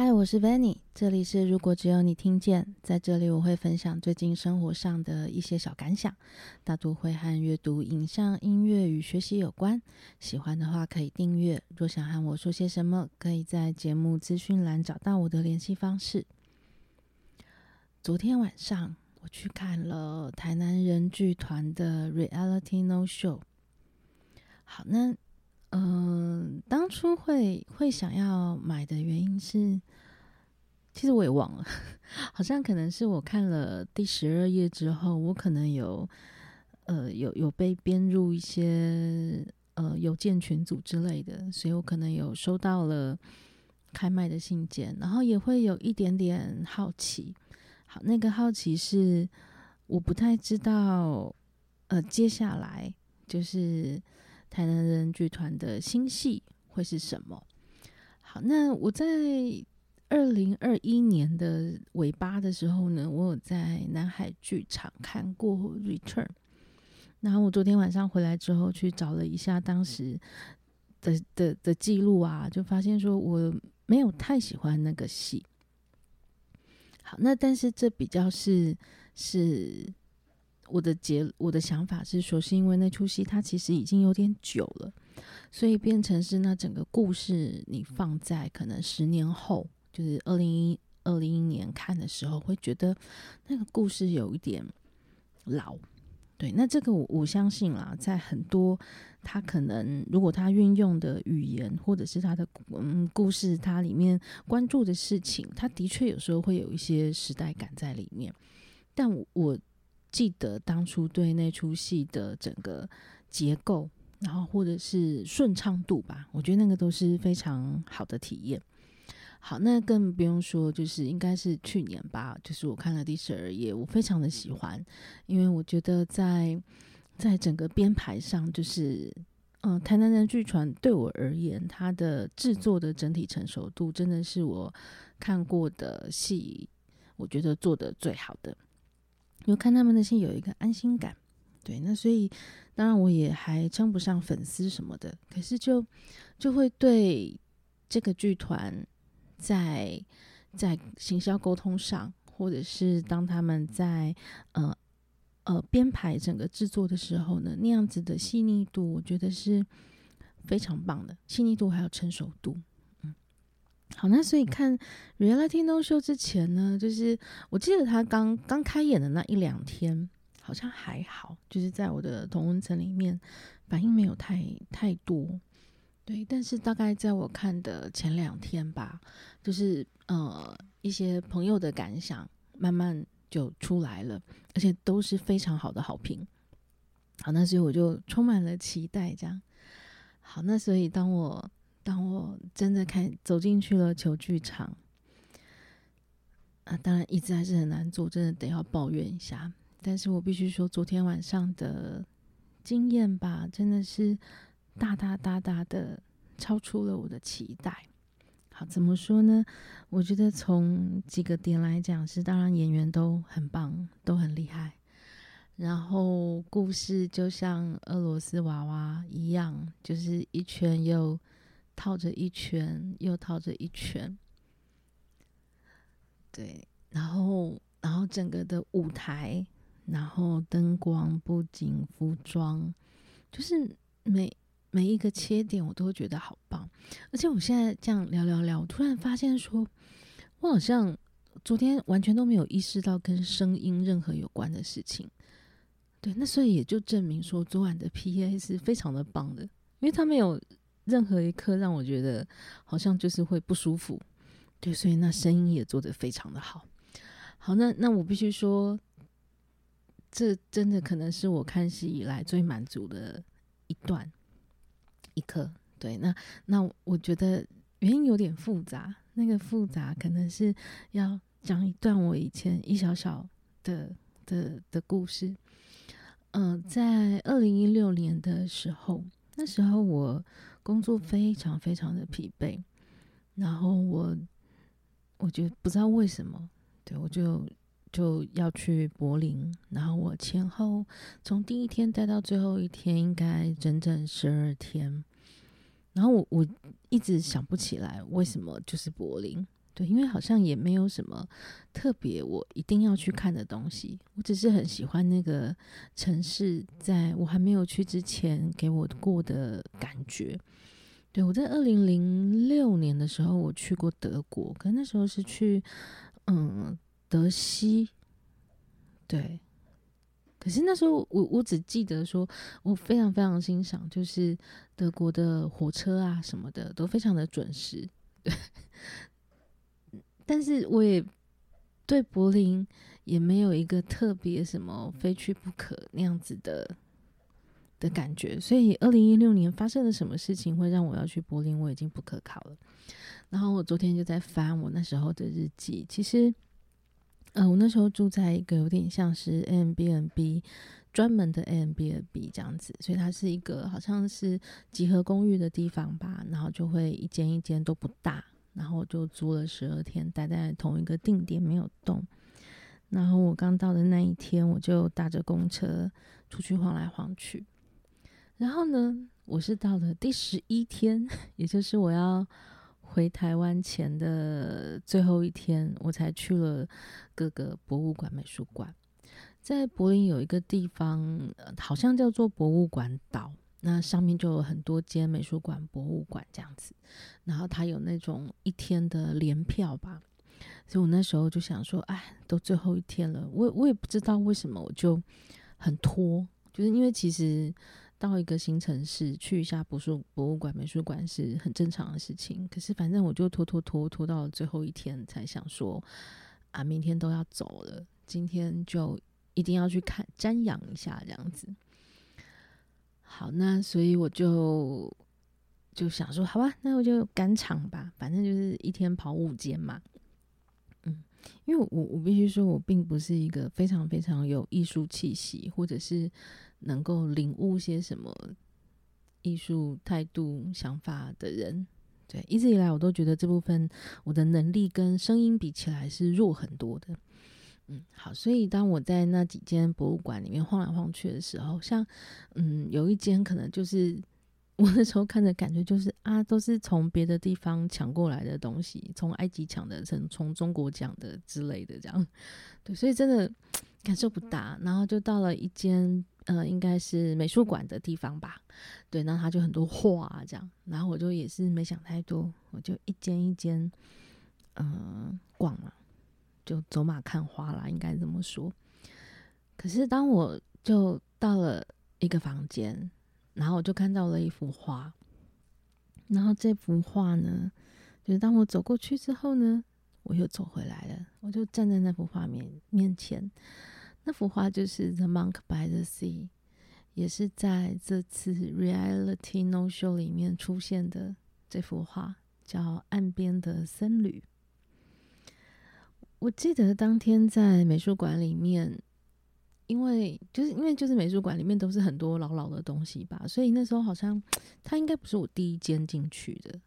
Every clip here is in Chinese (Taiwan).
嗨，Hi, 我是 Vanny，這裡是如果只有你聽見。在這裡我會分享最近生活上的一些小感想，大多會和閱讀、影像、音樂與學習有關。喜歡的話可以訂閱。若想和我說些什麼，可以在節目資訊欄找到我的聯繫方式。昨天晚上我去看了台南人劇團的 Reality No-Show。好呢，那。嗯、呃，當初會會想要買的原因是，其實我也忘了，好像可能是我看了第十二頁之後，我可能有，呃，有有被編入一些呃郵件群組之類的，所以我可能有收到了開賣的信件，然後也會有一點點好奇，好，那個好奇是我不太知道，呃，接下來就是。台南人劇團的新戲會是什麼？好，那我在二零二一年的尾巴的時候呢，我有在南海劇場看過《Return》，然後我昨天晚上回來之後去找了一下當時的的的記錄啊，就發現說我沒有太喜歡那個戲。好，那但是這比較是是。我的結，我的想法是說，是因為那出戲它其實已經有點久了，所以變成是那整個故事你放在可能十年後，就是二零一二零一年看的時候，會覺得那個故事有一點老。對，那這個我我相信啦，在很多他可能如果他運用的語言或者是他的嗯故事，它裡面關注的事情，他的確有時候會有一些時代感在裡面，但我。我記得當初對那齣戲的整個結構，然後或者是順暢度吧，我覺得那個都是非常好的體驗。好，那更不用說，就是應該是去年吧，就是我看了第十二夜，我非常的喜歡，因為我覺得在在整個編排上，就是嗯、呃，台南的劇團對我而言，它的制作的整體成熟度真的是我看過的戲，我覺得做得最好的。就看他們的戲有一個安心感，對，那所以當然我也還稱不上粉絲什麼的，可是就就會對這個劇團在在行銷溝通上，或者是當他們在呃呃編排整個制作的時候呢，那樣子的細膩度，我覺得是非常棒的，細膩度還有成熟度。好，那所以看《Reality No-Show》之前呢，就是我記得他剛剛開演的那一兩天，好像還好，就是在我的同溫層裡面反應沒有太太多。對，但是大概在我看的前兩天吧，就是呃一些朋友的感想慢慢就出來了，而且都是非常好的好評。好，那所以我就充滿了期待這樣。好，那所以當我。當我真的開始走進去了球劇場啊，當然椅子還是很難坐，真的得要抱怨一下。但是我必須說，昨天晚上的經驗吧，真的是大大大大的超出了我的期待。好，怎麼說呢？我覺得從幾個點來講，是當然演員都很棒，都很厲害。然後故事就像俄羅斯娃娃一樣，就是一圈又。套着一圈又套着一圈，對，然後然後整個的舞台，然後燈光、布景、服裝，就是每每一個切點，我都覺得好棒。而且我現在這樣聊聊聊，我突然發現說，我好像昨天完全都沒有意識到跟聲音任何有關的事情。對，那所以也就證明說，昨晚的 PA 是非常的棒的，因為他們有。任何一刻讓我覺得好像就是會不舒服，對，所以那聲音也做得非常的好。好，那那我必須說，這真的可能是我看戲以來最滿足的一段一刻。對，那那我覺得原因有點複雜，那個複雜可能是要講一段我以前一小小的的的故事。嗯、呃，在二零一六年的時候。那時候我工作非常非常的疲憊，然後我我覺得不知道為什麼，對，我就就要去柏林，然後我前後從第一天待到最後一天，應該整整十二天，然後我我一直想不起來為什麼就是柏林。對，因為好像也沒有什麼特別，我一定要去看的東西。我只是很喜歡那個城市，在我還沒有去之前給我過的感覺。對，我在二零零六年的時候我去過德國，可那時候是去嗯德西。對，可是那時候我我只記得說，我非常非常欣賞，就是德國的火車啊什麼的都非常的準時。對。但是我也對柏林也沒有一個特別什麼非去不可那樣子的的感覺，所以二零一六年發生了什麼事情會讓我要去柏林，我已經不可考了。然後我昨天就在翻我那時候的日記，其實，呃，我那時候住在一個有點像是 Airbnb 專門的 Airbnb 這樣子，所以它是一個好像是集合公寓的地方吧，然後就會一間一間都不大。然後我就租了十二天，待在同一個定點沒有動。然後我剛到的那一天，我就搭着公車出去晃來晃去。然後呢，我是到了第十一天，也就是我要回台灣前的最後一天，我才去了各個博物館、美術館。在柏林有一個地方，好像叫做博物館島。那上面就有很多間美術館、博物館這樣子，然後他有那種一天的聯票吧，所以我那時候就想說，哎，都最後一天了，我我也不知道為什麼，我就很拖，就是因為其實到一個新城市去一下，博術博物館、美術館是很正常的事情，可是反正我就拖拖拖拖到最後一天，才想說，啊，明天都要走了，今天就一定要去看，瞻仰一下這樣子。好，那所以我就就想說，好吧，那我就趕場吧，反正就是一天跑五間嘛。嗯，因為我我必須說，我並不是一個非常非常有藝術氣息，或者是能夠領悟些什麼藝術態度想法的人。對，一直以來我都覺得這部分我的能力跟聲音比起來是弱很多的。嗯，好，所以當我在那幾間博物館裡面晃來晃去的時候，像，嗯，有一間可能就是我那時候看的感覺就是啊，都是從別的地方搶過來的東西，從埃及搶的，從從中國搶的之類的，這樣，對，所以真的感受不大。然後就到了一間呃，應該是美術館的地方吧，對，那它就很多畫這樣。然後我就也是沒想太多，我就一間一間，嗯、呃。就走馬看花啦，應該這麼說。可是當我就到了一個房間，然後我就看到了一幅畫。然後這幅畫呢，就是當我走過去之後呢，我又走回來了。我就站在那幅畫面面前，那幅畫就是《The Monk by the Sea》，也是在這次 Reality No Show 裡面出現的這幅畫，叫《岸邊的僧侶》。我記得當天在美術館裡面，因為就是因為就是美術館裡面都是很多老老的東西吧，所以那時候好像它應該不是我第一間進去的，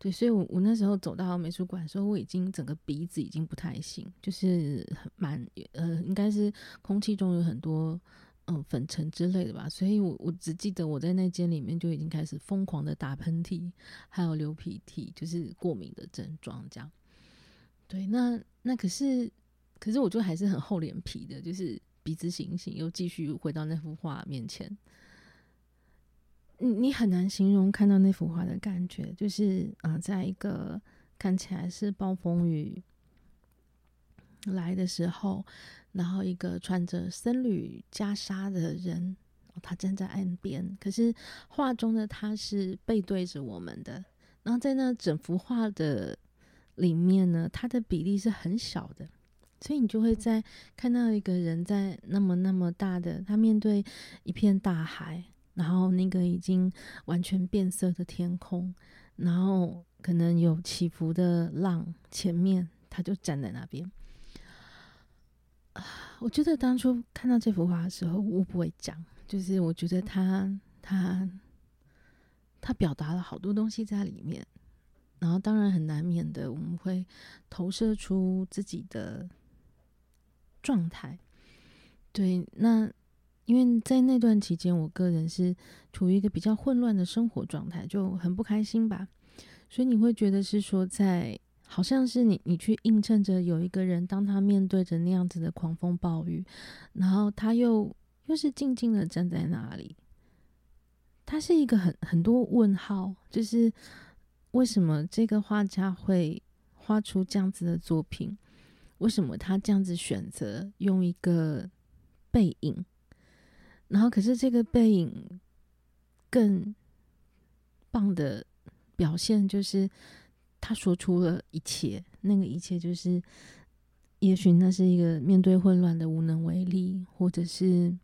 對，所以我我那時候走到美術館的時候，我已經整個鼻子已經不太行，就是蠻呃應該是空氣中有很多嗯、呃、粉塵之類的吧，所以我我只記得我在那間裡面就已經開始瘋狂的打噴嚏，還有流鼻涕，就是過敏的症狀這樣，對，那。那可是，可是我就還是很厚臉皮的，就是鼻子醒醒，又繼續回到那幅畫面前。你你很難形容看到那幅畫的感覺，就是啊，呃，在一個看起來是暴風雨來的時候，然後一個穿着僧侶袈裟的人，哦，他站在岸邊。可是畫中的他是背對着我們的，然後在那整幅畫的。裡面呢，它的比例是很小的，所以你就會在看到一個人在那麼那麼大的，他面對一片大海，然後那個已經完全變色的天空，然後可能有起伏的浪，前面他就站在那邊。啊，我覺得當初看到這幅畫的時候，我不會講，就是我覺得他他他表達了好多東西在裡面。然後，當然很難免的，我們會投射出自己的狀態。對，那因為在那段期間，我個人是處於一個比較混亂的生活狀態，就很不開心吧。所以你會覺得是說在，在好像是你你去映襯着有一個人，當他面對着那樣子的狂風暴雨，然後他又又是靜靜的站在那裡，他是一個很很多問號，就是。為什麼這個畫家會畫出這樣子的作品？為什麼他這樣子選擇用一個背影？然後，可是這個背影更棒的表現就是，他說出了一切。那個一切就是，也許那是一個面對混亂的無能為力，或者是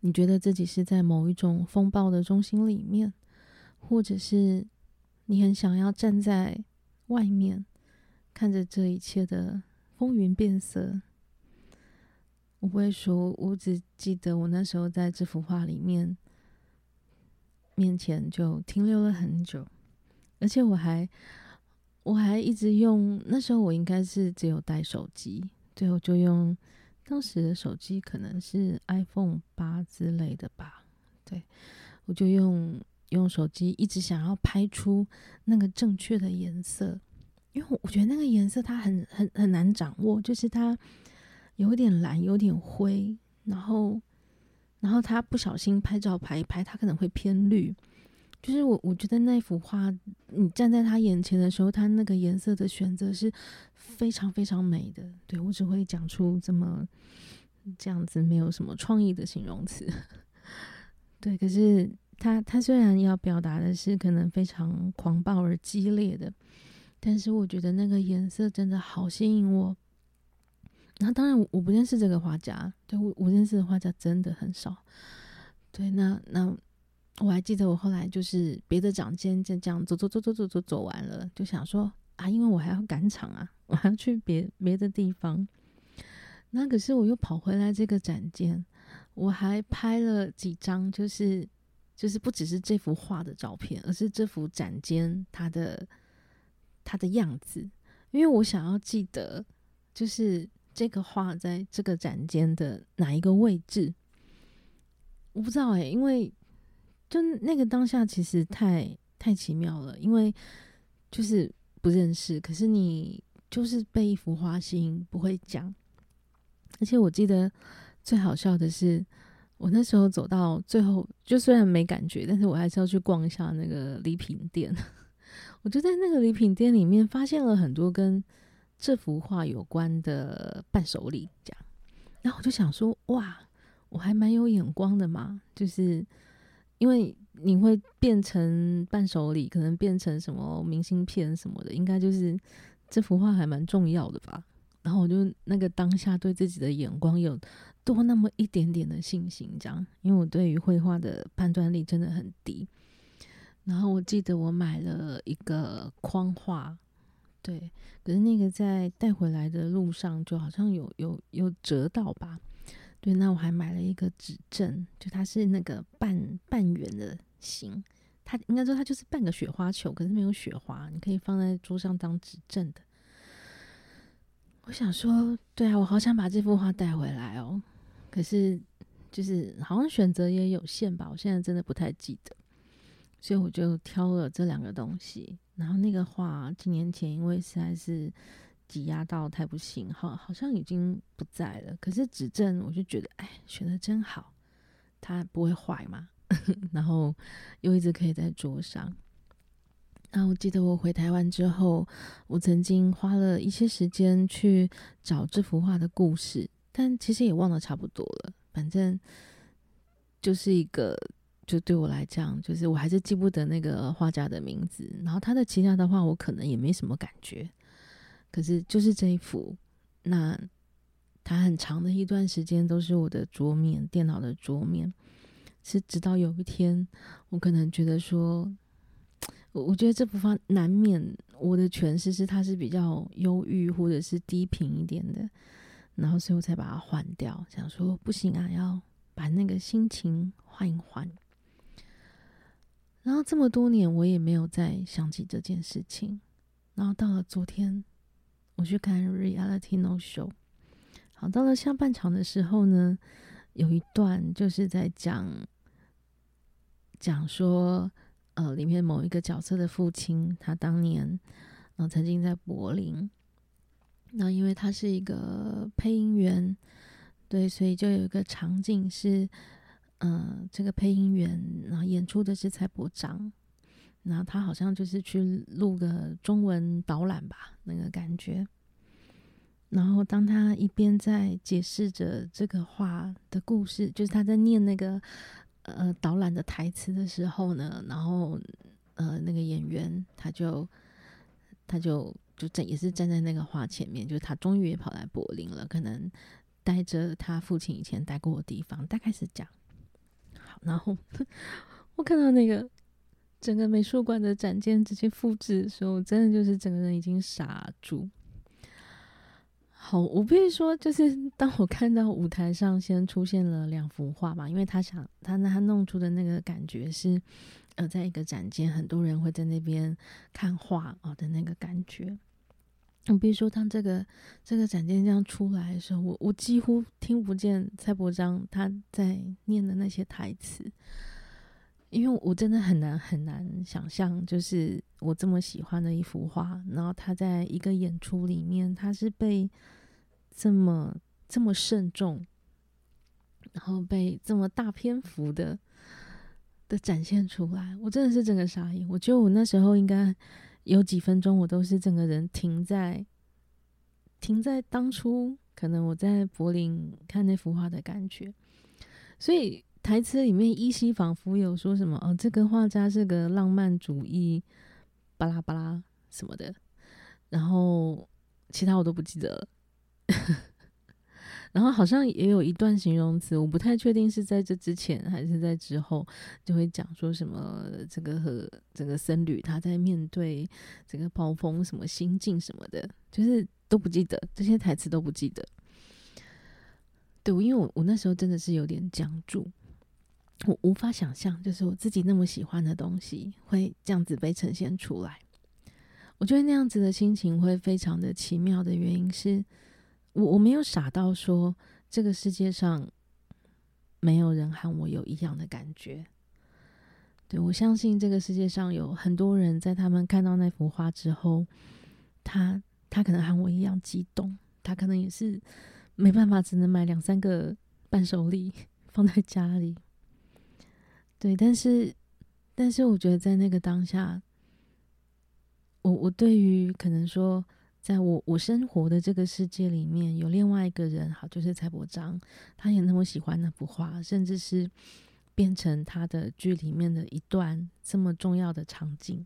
你覺得自己是在某一種風暴的中心裡面。或者是你很想要站在外面看着這一切的風雲變色，我不會說，我只記得我那時候在這幅畫裡面面前就停留了很久，而且我還我還一直用那時候我應該是只有帶手機，最後就用當時的手機，可能是 iPhone 8之類的吧，對，我就用。用手機一直想要拍出那個正確的顏色，因為我覺得那個顏色它很很很難掌握，就是它有點藍，有點灰，然後然後他不小心拍照拍一拍，它可能會偏綠。就是我我覺得那幅畫，你站在他眼前的時候，他那個顏色的選擇是非常非常美的。對，我只會講出這麼這樣子沒有什麼創意的形容詞。對，可是。他他雖然要表達的是可能非常狂暴而激烈的，但是我覺得那個顏色真的好吸引我。那當然，我不認識這個畫家，對，我我認識的畫家真的很少。對，那那我還記得，我後來就是別的展間就這樣走走走走走走走完了，就想說啊，因為我還要趕場啊，我還要去別別的地方。那可是我又跑回來這個展間，我還拍了幾張，就是。就是不只是這幅畫的照片，而是這幅展間它的它的樣子，因為我想要記得，就是這個畫在這個展間的哪一個位置，我不知道誒、欸，因為就那個當下其實太太奇妙了，因為就是不認識，可是你就是背一幅花心不會講，而且我記得最好笑的是。我那時候走到最後，就雖然沒感覺，但是我還是要去逛一下那個禮品店。 我就在那個禮品店裡面發現了很多跟這幅畫有關的伴手禮，這樣。然後我就想說，哇，我還蠻有眼光的嘛！就是因為你會變成伴手禮，可能變成什麼明信片什麼的，應該就是這幅畫還蠻重要的吧。然後我就那個當下對自己的眼光有。多那麼一點點的信心，這樣，因為我對於繪畫的判斷力真的很低。然後我記得我買了一個框畫，對，可是，那個在帶回來的路上就好像有有有折到吧？對，那我還買了一個紙鎮，就它是那個半半圓的形，它應該說它就是半個雪花球，可是沒有雪花，你可以放在桌上當紙鎮的。我想說，對啊，我好想把這幅畫帶回來哦、喔。可是，就是好像選擇也有限吧。我現在真的不太記得，所以我就挑了這兩個東西。然後那個畫、啊、幾年前，因為實在是擠壓到太不行，好，好像已經不在了。可是紙鎮我就覺得，哎，選得真好，它不會壞嘛， 然後又一直可以在桌上。那我記得我回台灣之後，我曾經花了一些時間去找這幅畫的故事。但其實也忘得差不多了，反正就是一個，就對我來講，就是我還是記不得那個畫家的名字。然後他的其他的畫，我可能也沒什麼感覺。可是就是這一幅，那他很長的一段時間都是我的桌面，電腦的桌面，是直到有一天，我可能覺得說，我覺得這幅畫難免我的詮釋是他是比較憂鬱或者是低頻一點的。然後，所以我才把它換掉，想說不行啊，要把那個心情換一換。然後這麼多年，我也沒有再想起這件事情。然後到了昨天，我去看《Reality No Show》。好，到了下半場的時候呢，有一段就是在講講說，呃，裡面某一個角色的父親，他當年，然後曾經在柏林。那因為他是一個配音員，對，所以就有一個場景是，嗯、呃，這個配音員然後演出的是蔡柏璋，然後他好像就是去錄個中文導覽吧，那個感覺。然後當他一邊在解釋着這個畫的故事，就是他在念那個呃導覽的台詞的時候呢，然後呃那個演員他就他就。就這，也是站在那個畫前面，嗯、就是他終於也跑來柏林了，可能帶着他父親以前待過的地方，大概是這樣。好，然後我看到那個整個美術館的展間直接複製的時候，所以我真的就是整個人已經傻住。好，我必須說，就是當我看到舞台上先出現了兩幅畫嘛，因為他想他那他弄出的那個感覺是，呃，在一個展間很多人會在那邊看畫啊、呃、的那個感覺。比如說，當這個這個展件這樣出來的時候，我我幾乎聽不見蔡柏璋他在念的那些台詞，因為我真的很難很難想象，就是我這麼喜歡的一幅畫，然後他在一個演出裡面，他是被這麼這麼慎重，然後被這麼大篇幅的的展現出來，我真的是整個傻眼。我覺得我那時候應該。有幾分鐘，我都是整個人停在，停在當初，可能我在柏林看那幅畫的感覺。所以台詞裡面依稀仿佛有說什麼，哦，這個畫家是個浪漫主義，巴拉巴拉什麼的，然後其他我都不記得了。 然後好像也有一段形容詞，我不太確定是在這之前還是在之後，就會講說什麼這個和這個僧侶他在面對這個暴風什麼心境什麼的，就是都不記得這些台詞都不記得。對，因為我我那時候真的是有點僵住，我無法想象就是我自己那麼喜歡的東西會這樣子被呈現出來。我覺得那樣子的心情會非常的奇妙的原因是。我我沒有傻到說這個世界上沒有人和我有一樣的感覺。對，我相信這個世界上有很多人在他們看到那幅畫之後，他他可能和我一樣激動，他可能也是沒辦法，只能買兩三個伴手禮放在家裡。對，但是但是我覺得在那個當下，我我對於可能說。在我我生活的這個世界裡面，有另外一個人，好，就是蔡柏璋，他也那麼喜歡那幅畫，甚至是變成他的劇裡面的一段這麼重要的場景。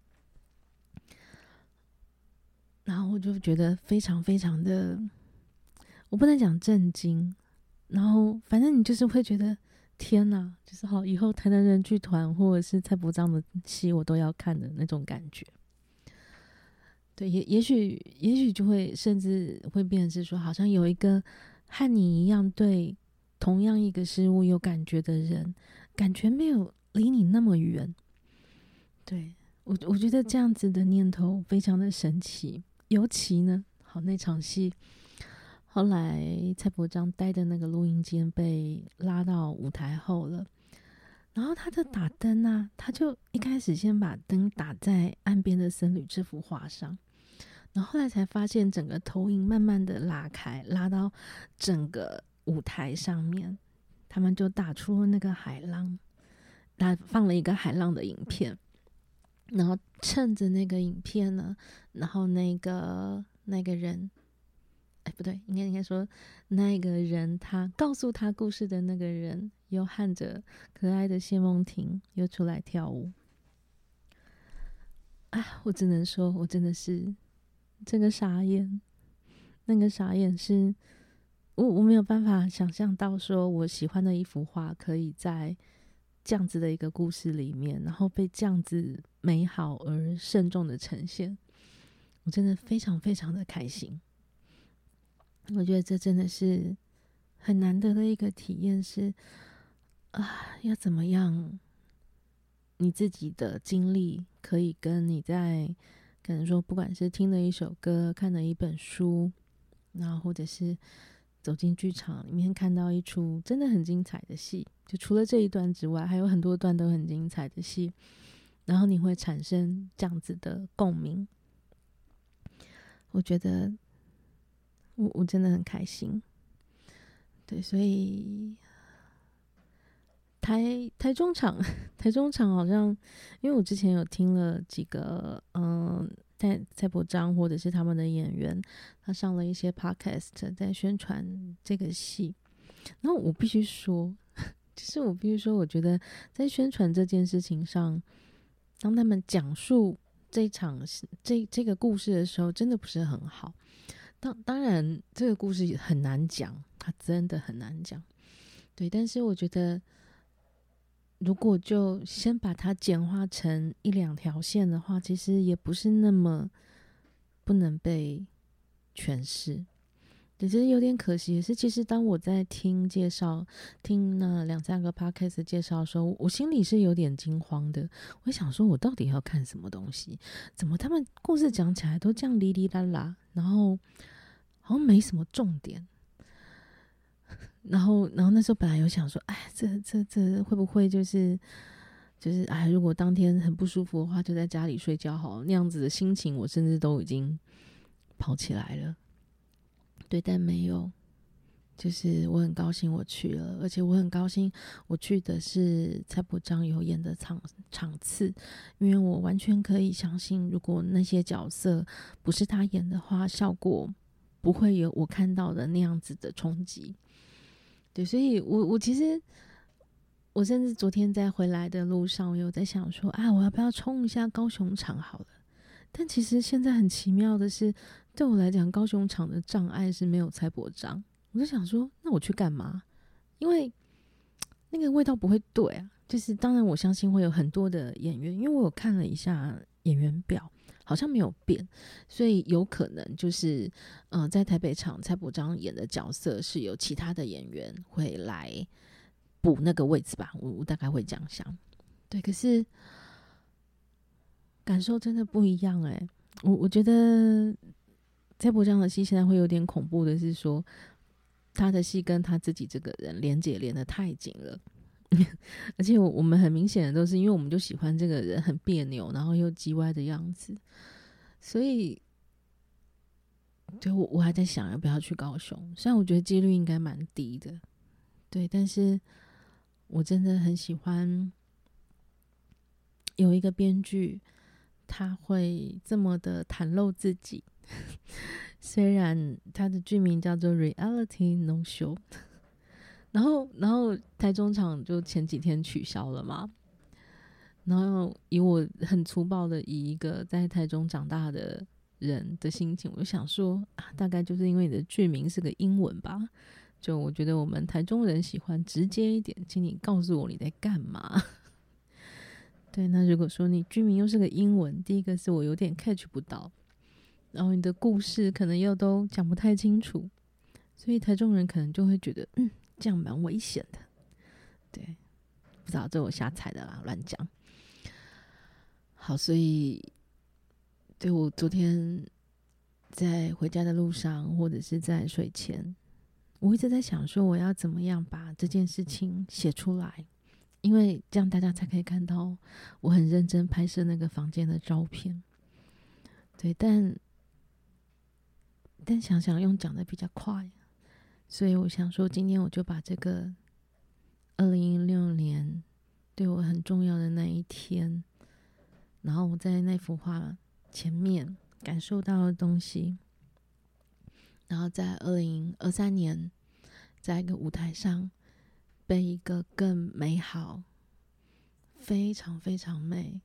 然後我就覺得非常非常的，我不能講震驚，然後反正你就是會覺得天吶、啊，就是好，以後台南人劇團或者是蔡柏璋的戲，我都要看的那種感覺。對，也也許，也許就會，甚至會變成是說，好像有一個和你一樣對同樣一個事物有感覺的人，感覺沒有離你那麼遠。對，我，我覺得這樣子的念頭非常的神奇。尤其呢，好，那場戲，後來蔡柏璋待的那個錄音間被拉到舞台後了，然後他的打燈啊，他就一開始先把燈打在岸邊的僧侶這幅畫上。然後後來才發現，整個投影慢慢的拉開，拉到整個舞台上面，他們就打出那個海浪，他放了一個海浪的影片，然後趁着那個影片呢，然後那個那個人，哎，不對，應該應該說，那個人他告訴他故事的那個人，又喊着可愛的謝夢婷，又出來跳舞。啊，我只能說我真的是。這個傻眼，那個傻眼是，是我我沒有辦法想象到，說我喜歡的一幅畫可以在這樣子的一個故事裡面，然後被這樣子美好而慎重的呈現，我真的非常非常的開心。我覺得這真的是很難得的一個體驗是，是啊，要怎麼樣，你自己的經歷可以跟你在。可能說，不管是聽了一首歌，看了一本書，然後或者是走進劇場裡面看到一出真的很精彩的戲，就除了這一段之外，還有很多段都很精彩的戲，然後你會產生這樣子的共鳴。我覺得我，我我真的很開心。對，所以。台台中場，台中場好像，因為我之前有聽了幾個，嗯、呃，在蔡柏璋或者是他們的演員，他上了一些 podcast 在宣傳這個戲。然後我必須說，其實我必須說，我覺得在宣傳這件事情上，當他們講述這場這這個故事的時候，真的不是很好。當當然，這個故事也很難講，它真的很難講。對，但是我覺得。如果就先把它簡化成一兩條線的話，其實也不是那麼不能被詮釋。只是有點可惜也是，其實當我在聽介紹、聽那兩三個 podcast 介紹的時候，我心裡是有點驚慌的。我想說，我到底要看什麼東西？怎麼他們故事講起來都這樣哩哩啦啦，然後好像沒什麼重點。然後，然後那時候本來有想說，哎，這這這會不會就是就是哎，如果當天很不舒服的話，就在家裡睡覺好，那樣子的心情，我甚至都已經跑起來了。對，但沒有，就是我很高興我去了，而且我很高興我去的是蔡柏璋有演的場場次，因為我完全可以相信，如果那些角色不是他演的話，效果不會有我看到的那樣子的衝擊。對，所以我我其實，我甚至昨天在回來的路上，我有在想說，啊，我要不要衝一下高雄場好了？但其實現在很奇妙的是，對我來講，高雄場的障礙是沒有蔡柏璋，我就想說，那我去幹嘛？因為那個味道不會對啊。就是當然，我相信會有很多的演員，因為我有看了一下演員表。好像沒有變，所以有可能就是，嗯、呃，在台北場蔡柏璋演的角色是有其他的演員會來補那個位置吧，我大概會這樣想。對，可是感受真的不一樣誒、欸。我我覺得蔡柏璋的戲現在會有點恐怖的是說，他的戲跟他自己這個人連接連得太緊了。 而且我們很明顯的都是因為我們就喜歡這個人很彆扭，然後又嘰歪的樣子，所以就我我還在想要不要去高雄，雖然我覺得幾率應該蠻低的，對，但是我真的很喜歡有一個編劇他會這麼的袒露自己，雖然他的劇名叫做《Reality No-Show》。然後，然後台中場就前幾天取消了嘛。然後以我很粗暴的，以一個在台中長大的人的心情，我就想說啊，大概就是因為你的劇名是個英文吧。就我覺得我們台中人喜歡直接一點，請你告訴我你在幹嘛。 對，那如果說你劇名又是個英文，第一個是我有點 catch 不到，然後你的故事可能又都講不太清楚，所以台中人可能就會覺得嗯。這樣蠻危險的，對，不知道這是我瞎猜的啦，亂講。好，所以對我昨天在回家的路上，或者是在睡前，我一直在想說我要怎麼樣把這件事情寫出來，因為這樣大家才可以看到我很認真拍攝那個房間的照片。對，但但想想用講的比較快。所以我想說，今天我就把這個二零一六年對我很重要的那一天，然後我在那幅畫前面感受到的東西，然後在二零二三年，在一個舞台上，被一個更美好、非常非常美，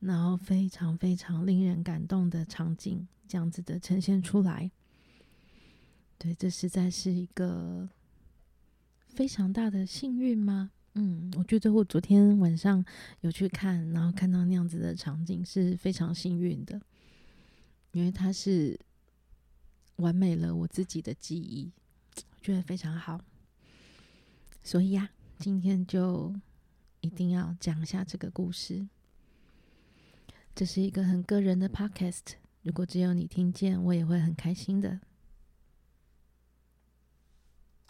然後非常非常令人感動的場景，這樣子的呈現出來。對，這實在是一個非常大的幸運嗎？嗯，我覺得我昨天晚上有去看，然後看到那樣子的場景是非常幸運的，因為它是完美了我自己的記憶，我覺得非常好。所以呀，今天就一定要講一下這個故事。這是一個很個人的 podcast，如果只有你聽見，我也會很開心的。